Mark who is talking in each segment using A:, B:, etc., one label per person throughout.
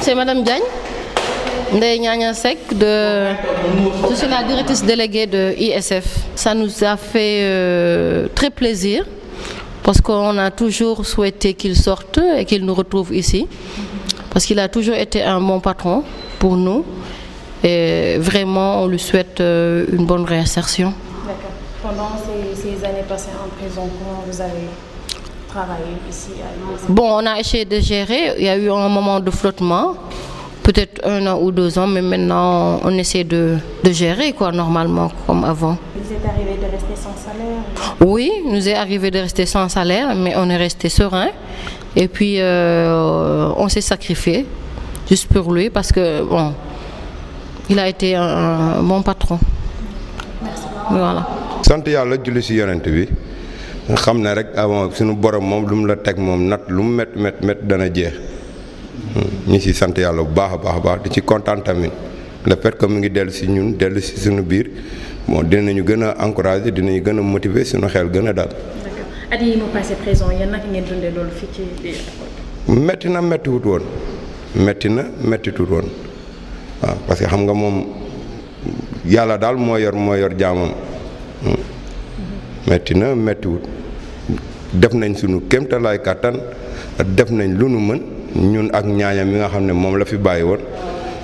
A: c'est Madame Diagne. De, je suis la directrice déléguée de ISF. Ça nous a fait euh, très plaisir parce qu'on a toujours souhaité qu'il sorte et qu'il nous retrouve ici. Parce qu'il a toujours été un bon patron pour nous. Et vraiment, on lui souhaite euh, une bonne réinsertion. D'accord. Pendant ces années passées en prison, comment vous avez Bon, on a essayé de gérer. Il y a eu un moment de flottement, peut-être un an ou deux ans, mais maintenant on essaie de, gérer quoi, normalement, comme avant. Vous êtes arrivé de rester sans salaire Oui, nous est arrivé de rester sans salaire, mais on est resté serein. Et puis euh, on s'est sacrifié juste pour lui parce que, bon, il a été un, bon patron. Merci. Voilà.
B: Santé à l'autre si xam na rek avant ah, sunu borom moom lu mu la teg moom nat lu mu mét mét mét dana jeex hmm. ñu si sant yàlla bu baax a baax a baax di ci kontaan tamit le fait que mu ngi dellu si ñun dellu si suñu biir bon dinañu gën a encourager dinañu gën a motiver sunu xel gën a daal. metti na méttiwut woon métti na méttitut woon waaw parce que xam nga moom yàlla daal moo yor moo yor jaamam hmm. mm-hmm. metti na méttiwut def nañ suñu lay katan def nañ lu nu mën ñun ak ñaañam mi nga xamne mom la fi bayyi won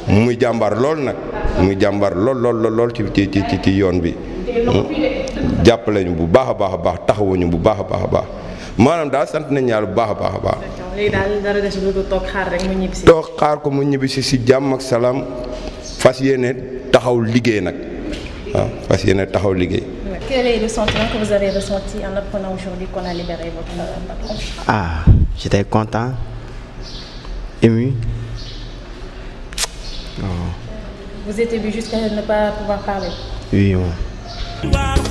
B: muy jambar lol nak muy jambar lol lol lol ci ci ci ci yoon bi hmm? japp ñu bu baax a baax a baax taxawuñu bu baax a baax a baax maanaam daal sant nañ ñaar bu baax baax baax. xaar ko mu si jam ak salam, fas yene taxaw liggey nak ah, fas yene taxaw liggey
A: Quel est le sentiment que vous avez ressenti en apprenant aujourd'hui qu'on a libéré votre patron
B: Ah, j'étais content, ému.
A: Vous êtes ému jusqu'à ne pas pouvoir parler
B: Oui, oui.